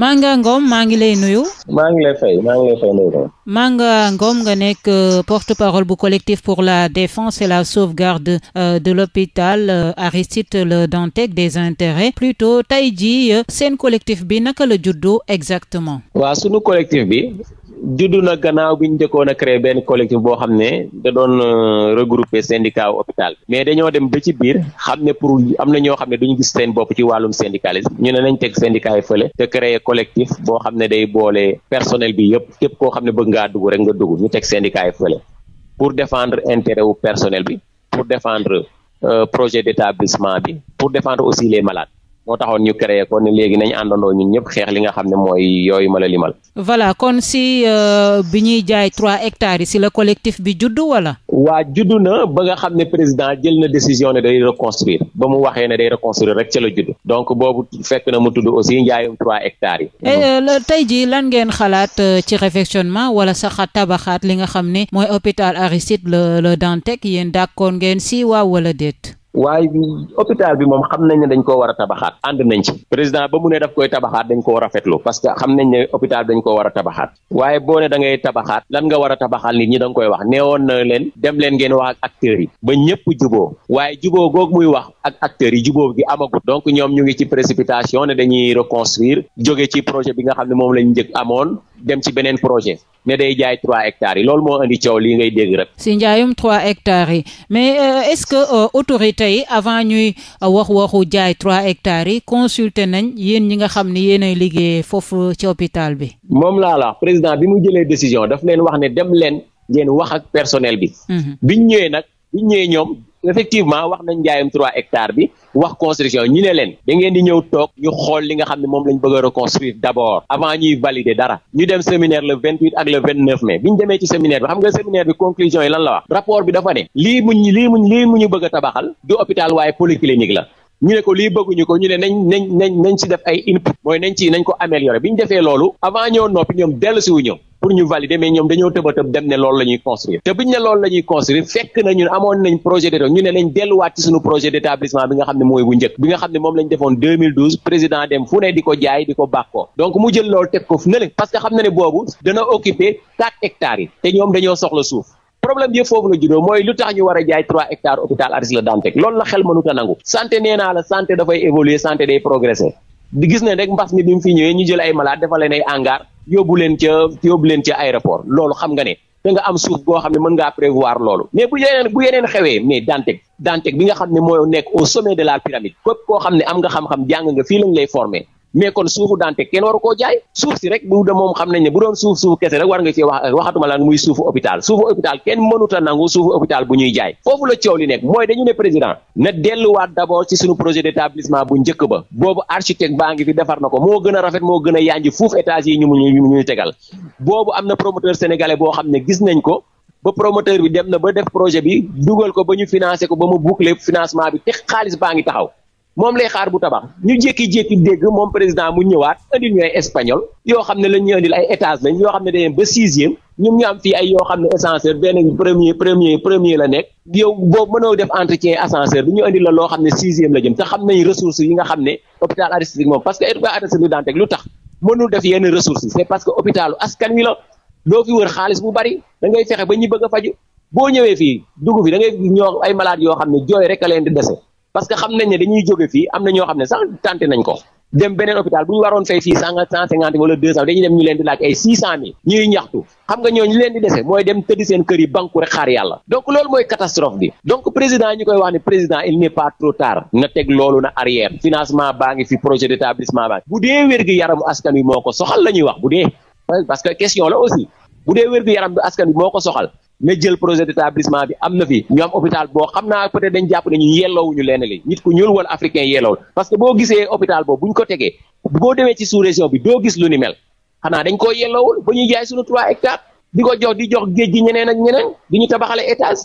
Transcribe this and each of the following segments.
Manga Ngom maa ngi lay nuyu. maa ngi lay fay maa ngi lay nga nekk euh, porte-parole bu collectif pour la défense et la sauvegarde euh, de l'hôpital euh, Aristide Le Dantec des intérêts plutôt tey jii seen collectif bi naka la juddoo exactement. waaw sunu collectif bi. juddu na gannaaw bi ñu njëkkoon a créé benn collectif boo xam ne da doon euh, regrouper syndicat hôpital mais dañoo dem ba ci biir xam ne pour am na ñoo xam ne duñu gis seen bopp ci wàllum syndicalisme ñu ne nañ teg syndicat yi fële te créé collectif boo xam ne day boole personnel bi yëpp képp koo xam ne bëgg ngaa dugg rek nga dugg ñu teg syndicat yi fële pour défendre intérêt wu personnel bi pour défendre euh, projet d'établissement bi pour défendre aussi les malades moo taxoon ñu créé ko ne léegi nañ àndandoo ñun ñëpp xeex li nga xam ne mooy yooyu ma la limal. voilà kon si euh, bi ñuy jaay trois hectares yi si la collectif bi juddu wala. waa juddu na ba nga xam ne président jël na décision ne day reconstruire ba mu waxee ne day reconstruire rek ca la juddu donc boobu fekk na mu tudd aussi njaayum trois hectares yi. Euh, tey jii lan ngeen xalaat euh, ci réfectionnement wala sax tabaxaat li nga xam ne mooy hôpital Aristide le le Dantec yéen d'accord ngeen si waaw waaye hôpital bi moom xam nañ ne dañ koo war a tabaxaat ànd nañ ci président ba mu ne daf koy tabaxaat dañ koo rafetlu parce que xam nañ ne hôpital dañ koo war a tabaxaat boo ne da tabaxaat lan nga war a tabaxal nit ñi da koy wax nee woon na leen dem leen ngeen wax ak yi ba ñëpp juboo waaye juboo googu muy wax ak acteurs yi juboo gi amagu donc ñoom ñu ngi ci précipitation ne dañuy reconstruire jóge ci projet bi nga xam ne moom lañ njëkk amoon dem ci beneen projet ne day jaay trois hectares yi loolu moo indi coow lii ngay dégg rek. si njaayum trois hectares yi mais euh, est-ce que euh, autorités yi avant ñuy euh, wax waxu jaay trois hectares yi consulter nañ yéen ñi nga xam ni yéenay liggéeye foofu ci hôpital bi. moom laa la président bi mu jëlee décision daf leen wax ne dem leen ngeen wax ak personnel bi. Mhm. biñ ñëwee nag biñ ñëwee ñoom effectivement wax nañ njaayam trois hectares bi wax construction ñu ne leen da ngeen di ñëw toog ñu xool li nga xam ne moom lañ bëgg a reconstruire d' abord avant ñuy valider dara ñu dem séminaire le vingt huit ak le vingt neuf mai bi ñu demee ci séminaire bi xam nga séminaire bi conclusion yi lan la wax rapport bi dafa ne lii muñ lii muñ mu ñu bëgg a tabaxal du hôpital waaye polyclinique la ñu ne ko lii bëgguñu ko ñu ne nañ nañ nañ nañ ci def ay input mooy nañ ci nañ ko améliorer ñu defee loolu avant ñoo noppi ñoom dellu si wu ñëw pour ñu valider mais ñoom dañoo tëb tëb dem ne loolu la ñuy construire ne loolu la ñuy fekk na ñu ne lañ delluwaat ci suñu projet d'établissement bi nga xam ne mooy bu njëkk bi nga xam ne moom lañ defoon président dem fu ne di ko jaay di ko bàkkoo donc mu jël loolu teg ko fu parce que xam ne boobu dana occuper 4 hectares yi te ñoom dañoo soxla suuf problème bi foofu la juddoo mooy lu tax ñu war jaay trois hectares hôpital Aris la xel yóbbu leen ca yóbbu leen ca aéroport loolu xam nga ne da nga am suuf boo xam ne mën ngaa prévoir loolu mais bu yeneen bu yeneen xewee mais Dantec Dantec bi nga xam ne mooy nekk au sommet de la pyramide képp koo xam ne am nga xam-xam jàng nga fii lañ lay former mais kon suufu Dantec kenn waru koo jaay suuf si rek bu de moom xam nañ ne bu doon suuf suuf kese rek war nga ci wax waxatuma la muy suufu hôpital suufu hôpital kenn mënut a nangu suufu hôpital bu ñuy jaay foofu la coow li nekk mooy dañu ne président na delluwaat d'abord ci suñu projet d'établissement bu njëkk ba boobu architecte baa ngi fi defar na ko moo gën a rafet moo gën a yànji fuuf étage yi ñu ñu ñuy tegal boobu am na promoteur sénégalais boo xam ne gis nañ ko ba promoteur bi dem na ba def projet bi dugal ko ba ñu financé ko ba mu boucler financement bi xaalis baa ngi taxaw moom lay xaar bu tabax ñu jékki-jékki dégg moom président mu ñëwaat indil ñu ay espagnol yoo xam ne la ñuy indil ay yoo xam ne dañeen ba sixième ñun ñu am fii ay yoo xam ne ascenseur benn premier premier premier la nekk yow boo mënoo def entretien ascenseur bi ñu indi la loo xam ne sixième la jëm te xam nañ ressources yi nga xam ne hôpital Aristide moom parce que hôpital Aristide Dantec lu tax mënul def yenn ressources que hôpitalu askan wi la doo fi wër xaalis bu bari da ngay fexe ba ñu bëgg faj boo ñëwee fii dugg fi da ngay ñoo ay malade yoo xam ne jooy rek leen di dese parce que xam nañ dañuy jóge fii am na ñoo xam ne sax tenté nañ ko dem beneen hôpital bu ñu waroon fi fii cent cent cinquante wala deux cent dañuy dem ñu leen di laaj ay six cent mille ñuy ñaxtu xam nga ñooñu leen di dese mooy dem tëdd seen kër yi banku rek xaar yàlla donc loolu mooy catastrophe bi donc président ñu koy wax ne président il n'est pas trop tard na teg loolu na arrière financement baa ngi fi projet d'établissement baa ngi bu dee wér gi moo ko soxal la ñuy wax bu dee que question la aussi bu dee wér gi yaram ko soxal na jël projet d' établissement bi am na fi ñu am hôpital boo xam naa peut être dañ jàpp ne ñu yelloowuñu leen li ñu ku ñuul wala africain yelloo parce que boo gisee hôpital boobu bu ñu ko tegee boo demee ci sous région bi doo gis lu ni mel xanaa dañ koo yelloowul ba ñuy jaay suñu trois hectares di ko jox di jox géej gi ñeneen ak ñeneen di ñu tabaxale étage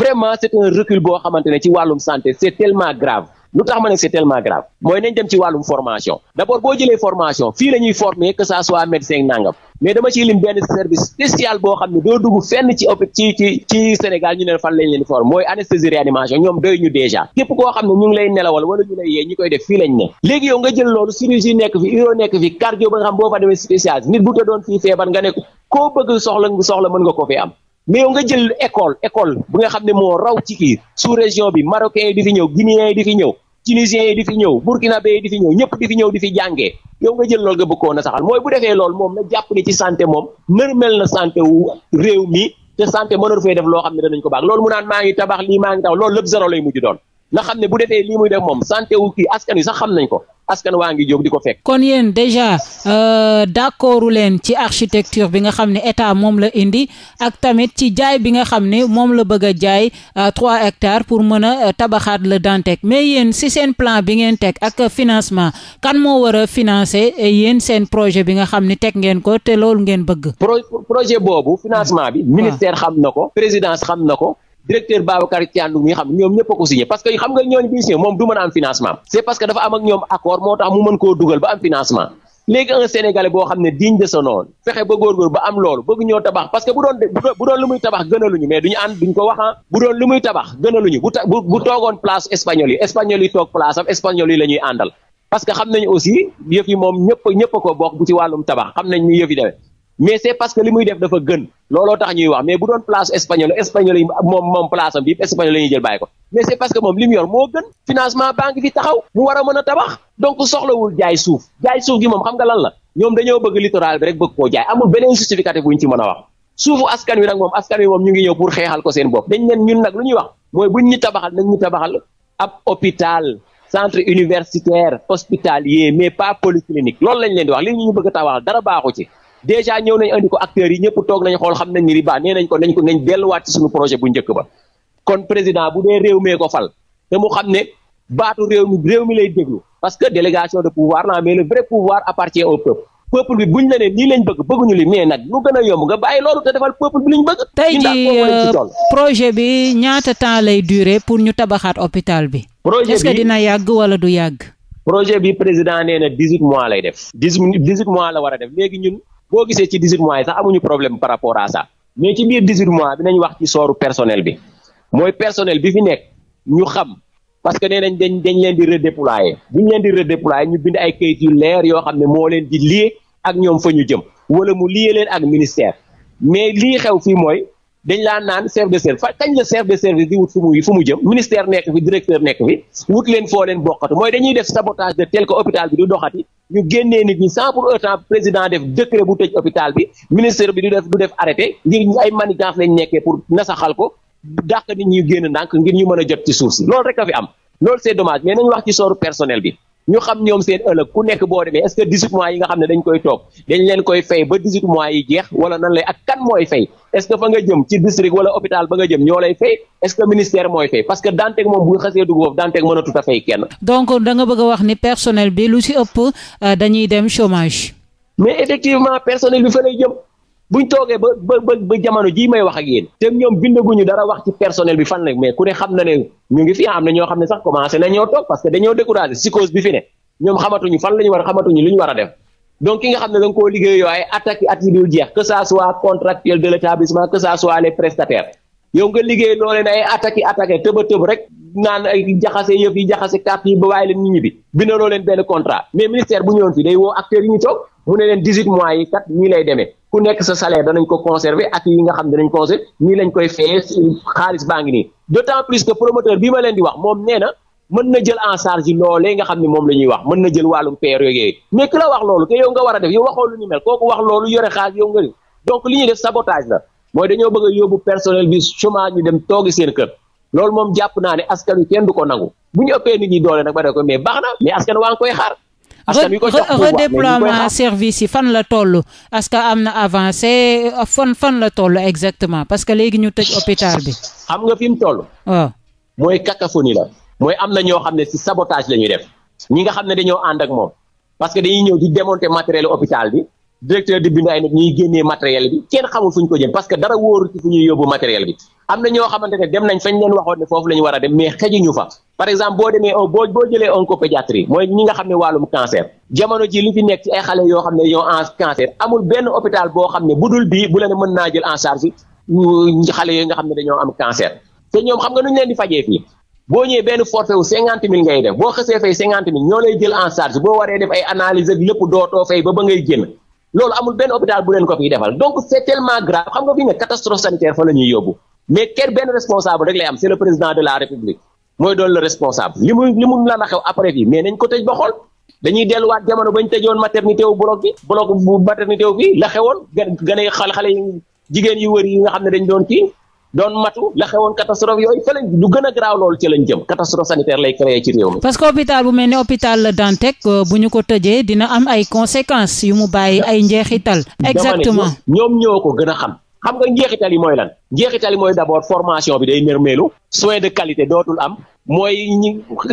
vraiment c' est un recul boo xamante ne ci wàllum santé c' est tellement grave lu tax ma ne c'est tellement grave mooy nañ dem ci wàllum formation d'abord boo jëlee formation fii la ñuy former que ça soit médecin nangam mais dama ciy lim benn service spécial boo xam ne doo dugg fenn ci ci ci ci Sénégal ñu ne fan lañ leen former mooy anesthésie réanimation ñoom doy ñu déjà képp koo xam ne ñu lay nelawal wala ñu lay yee ñi koy def fii lañ ne léegi yow nga jël loolu chirurgie nekk fi uro nekk fi cardio ba nga xam boo fa demee spécial nit bu te doon fii feebar nga ne koo bëgg soxla soxla mën nga ko fee am mais yow nga jël école école bu nga xam ne moo raw ci kii su région bi marocain yi di fi ñëw guinéen yi di fi ñëw tunisien yi di fi ñëw burkinabé yi di fi ñëw ñëpp di fi ñëw di fi jàngee yow nga jël loolu nga bëggoon a saxal mooy bu defee lool moom na jàpp ni ci santé moom mel na santé wu réew mi te santé a fee def loo xam ne danañ ko baax lool mu naan maa ngi tabax lii maa ngi tabax loolu lépp zéro lay mujj doon na xam ne bu defee lii muy moom santé wu kii askan wi sax xam nañ ko askan waa ngi jóg di ko fekk. kon yéen déjà euh, d'accordu leen ci architecture bi nga xam ne état moom la indi ak tamit ci jaay bi nga xam ne moom la bëgg a jaay euh, trois hectares pour mën a euh, tabaxaat la Dantec mais yéen si seen plan bi ngeen teg ak financement kan moo war a financer yéen seen projet bi nga xam ni teg ngeen ko te loolu ngeen bëgg. projet boobu financement bi. Hmm. ministère xam na ko présidence xam na ko. directeur Babacar Thiandoum yi xam ñoom ñëpp a si signé parce que xam nga ñooñu bi ñu signé moom du mën a am financement c'est parce que dafa am ñoom accord moo tax mu mën koo dugal ba am financement léegi un sénégalais boo xam ne di de son nom fexe ba góorgóor ba am loolu bëgg ñoo tabax parce que bu doon bu doon lu muy tabax gënaluñu mais duñu ànd duñ ko waxan ah bu doon lu muy tabax gënaluñu bu ta bu bu toogoon place espagnol yi espagnol yi toog place am espagnol yi ñuy àndal parce que xam nañu aussi yëf yi moom ñëpp ñëpp a bokk bu wàllum tabax nañ ñu yëf yi demee mais c'est parce que li muy def dafa gën looloo tax ñuy wax mais bu doon place espagnol espagnol yi moom moom place am bi espagnol la ñuy jël bàyyi ko mais c'est parce que moom li mu a a tabax donc soxlawul jaay suuf jaay gi moom xam nga lan la ñoom dañoo bëgg littoral rek bëgg koo jaay amul beneen justificatif bu ñu ci a wax suufu askan moom askan wi moom ñu ngi ñëw pour xeexal ko seen bopp dañ leen ñun nag lu ñuy wax mooy buñ ñu tabaxal nañ ñu tabaxal ab hôpital centre mais pas polyclinique loolu lañ leen wax li ñu bëgg a tabaxal dara baaxu ci dèjà ñëw nañ andi ko acteurs yi ñëpp toog nañ xool xam nañ ni riba nee ko nañ ko nañ delluwaat ci suñu projet bu njëkk ba kon président bu dee réew mee ko fal te mu xam ne baatu réew mi réew mi lay déglu parce que délégation de pouvoir la mais le vrai pouvoir appartient au peuple peuple bi buñ la ne nii lañ bëgg bëgguñu li mais nag lu gën a yomb nga bàyyi loolu te defal peuple bi liñ bëgg. tey jii euh, projet bi ñaata temps lay dure pour ñu tabaxaat hôpital bi. projet bi est-ce yàgg wala du yàgg. projet bi président nee na dix huit lay def. dix dix huit mois la war a def léegi ñun boo gisee ci 18 mois yi sax amuñu problème par rapport à ça mais ci biir 18 mois bi nañ wax ci sooru personnel bi mooy personnel bi fi nekk ñu xam parce que nee nañ dañ dañ leen di redéployer bu ñu leen di redéployer ñu bind ay kayit yu leer yoo xam ne moo leen di lié ak ñoom fa ñu jëm wala mu lié leen ak ministère mais lii xew fii mooy dañ laa naan chef de service fa kañ la chef de service di wut fu muy fu mu jëm ministère nekk fi directeur nekk fi wut leen foo leen bokkatu mooy dañuy def sabotage de tel que hôpital bi du doxati ñu génnee nit ñi sans pour président def décret bu tëj hôpital bi ministère bi du def du def arrêté ngir ñu ay manigance lañ nekkee pour nasaxal ko dàq nit ñu génn ndànk ngir ñu mën a jot ci suuf si loolu fi am loolu c'est dommage mais nañu wax ci sooru personnel bi ñu xam ñoom seen ëllëg ku nekk boo demee est-ce que 18 mois yi nga xam ne dañ koy toog dañ leen koy fay ba 18 mois yi jeex wala nan lay ak kan mooy fay est-ce que fa nga jëm ci district wala hôpital ba nga jëm ñoo lay fay est-ce que ministère mooy fay parce que Dantec moom bu xasee dugg foofu Dantec mën a tut a fay kenn. donc da nga bëgg a wax ni personnel bi lu ci ëpp euh, dañuy dem chômage. mais effectivement personnel bi fa lay jëm. buñ toogee ba ba ba jamono jii may wax ak yéen te ñoom bindaguñu dara wax ci personnel bi fan la ne xam na ne ñu ngi fi am na ñoo xam ne sax commencé nañoo toog parce que dañoo découragé si cause bi fi ne ñoom xamatuñu fan la war a xamatuñu a def donc ki nga xam ne da nga koo liggéeyoo ay liggéey loo ay attaques yi attaqué tëb a tëb rek naan ay jaxase yëf yi jaxase carte yi ba waaye leen nit ñi bi bindaloo leen benn contrat mais ministère bu ñëwoon fii day woo acteurs yi ñu toog mu ne leen lay demee ku nekk sa salaire danañ ko conserver ak yi nga xam ne danañ conserver nii lañ koy fayee xaalis baa ngi nii d'autant plus promoteur bi ma leen di wax moom nee na na jël en charge loolee nga xam ne moom la ñuy wax mën na jël wàllum paire yooyu mais ki wax loolu te yow nga war a def yow waxoo lu ñu mel kooku wax loolu yore xaalis yow nga donc li ñuy def sabotage la mooy dañoo bëgg a yóbbu personnel bi chômage ñu dem toogi seen kër loolu moom jàpp naa ne askan wi kenn du ko nag ba def ko mais na mais askan redéploiement service yi fan la toll est que am na avancé euh, fan fan la toll exactement parce que léegi ñu tëj hôpital bi xam nga fi mu toll mooy cacophonie mooy am na ñoo xam ne ci sabotage la ñuy def ñi nga xam ne dañoo ànd ak moom parce que dañuy ñëw di démonter matériel opital bi directeur di bind ay nit ñuy génnee matériel bi kenn xamul fu ñu ko jëm parce que dara wóoru ci fu ñuy yóbbu matériel bi am na ñoo xamante ne dem nañ fañ leen waxoon foofu la ñu war a dem mais xejuñu fa par exemple boo demee boo boo jëlee oncopédiatrie mooy ñi nga xam ne wàllum cancer jamono ji li fi nekk ci ay xale yoo xam ne ñoo en cancer amul benn hôpital xam ne bu dul bii bu leen mën naa jël en charge mm, xale yooyu nga xam ne dañoo am cancer te ñoom xam nga nu ñu leen di fajee fii boo ñëwee benn forfait wu cinquante mille ngay def boo xësee fay cinquante mille ñoo lay jël en charge boo waree def ay analyse ak lépp dootoo fay ba ba ngay génn loolu amul benn hôpital bu leen ko fiy defal donc c'est tellement grave xam nga fi ne catastrophe sanitaire fa la mooy doon le responsable li mu li mu lan a xew après yi mais nañ ko tëj ba xool dañuy delluwaat jamono bañ tëjoon maternité wu bloc bi bloc bu maternité wu fii la xewoon gan ganay xale xale yi jigéen yu wër yi nga xam ne dañ doon kii doon matu la xewoon catastrophe yooyu fa lañ lu gën a garaaw loolu ci lañ jëm catastrophe sanitaire lay créé ci réew mi. parce que hôpital bu mel ne hôpital Dantec euh, bu ñu ko tëjee dina am ay conséquences yu mu bàyyi ay njeexital. exactement ñoom ñoo ko gën a xam. xam nga njeexital yi mooy lan njeexital yi mooy d'abord formation bi day nërmeelu soin de qualité dootul am mooy ñi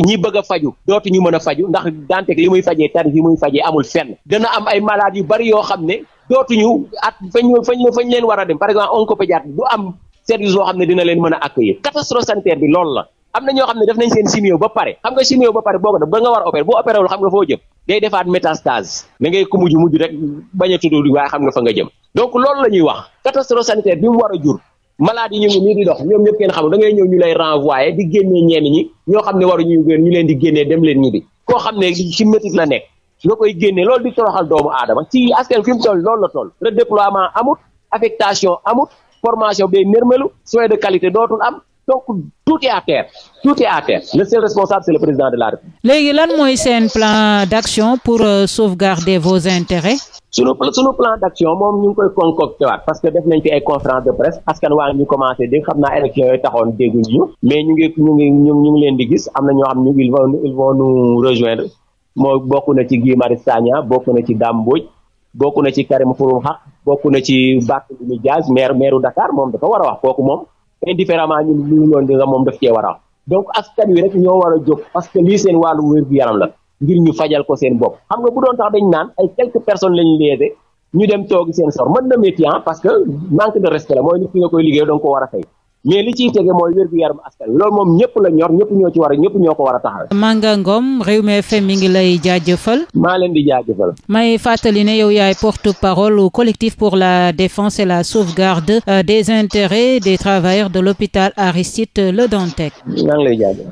ñi bëgg a faju dootu ñu mën a faju ndax Dantec li muy fajee tarif yi muy fajee amul fenn dana am ay malades yu bari yoo xam ne dootuñu at fañ fañ fañ leen war a dem par exemple oncopédiatre du am service yoo xam ne dina leen mën a accueillir catastrophe sanitaire bi loolu la am na ñoo xam ne def nañ seen chimio ba pare xam nga chimio ba pare boo ko def ba nga war a boo opéré xam nga foo day defaat métastase da ngay ko mujj rek bañ a tudd waaye xam nga fa nga jëm donc loolu la ñuy wax catastrophe sanitaire bi mu war a jur malade yi ñu di dox ñoom ñëpp kenn xamul da ngay ñëw ñu lay renvoyer di génnee ñenn ñi ñoo xam ne waruñu leen di génnee dem leen ñibbi koo xam ne ci métit la nekk nga koy génne loolu di toroxal doomu aadama ci askan fi mu toll la toll redéploiement amut affectation amut formation bee nërmalu soins de qualité donc tout est à terre tout est à terre le seul responsable c'est le président de la léegi lan mooy seen plan d'action pour euh, sauvegarder vos intérêts. sunu sunu plan d'action moom ñu ngi koy concocté waat parce que def nañ fi ay conférence de presse askan waa ñu commencé di xam na élection yooyu taxoon dégguñu ñu mais ñu ngi ñu ngi ñu ngi leen di gis am na ñoo xam ñu ils vont ils vont nous rejoindre moo bokk na ci Guy Marius Sagna bokk na ci Dame bokk na ci Karim Xrum Xax bokk na ci Barthélémy Dias maire maire Dakar moom dafa war a wax kooku moom. indifféremment ñun lu ñu doon moom daf cee war a am donc askan wi rek ñoo war a jóg parce que lii seen wàllu wér-gu-yaram la ngir ñu fajal ko seen bopp xam nga bu doon tax dañ naan ay quelques personnes lañu léese ñu dem toogi seen sor mën na métier ah parce que manque de respect la mooy nit ki nga koy liggéey da nga ko a fay mais li ci tege moo wér-gu-yaramu askan wi loolu moom ñëpp la ñor ñëpp ñoo ci war a ñëpp ñoo ko war a taxawee. Manga Ngom Rewmi FM mi ngi lay jaajëfal. maa leen di jaajëfal. may fàttali ne yow yaay porte-parole au collectif pour la défense et la sauvegarde euh, des intérêts des travailleurs de l'hôpital Aristide Le Dantec. maa ngi lay jaajëfal.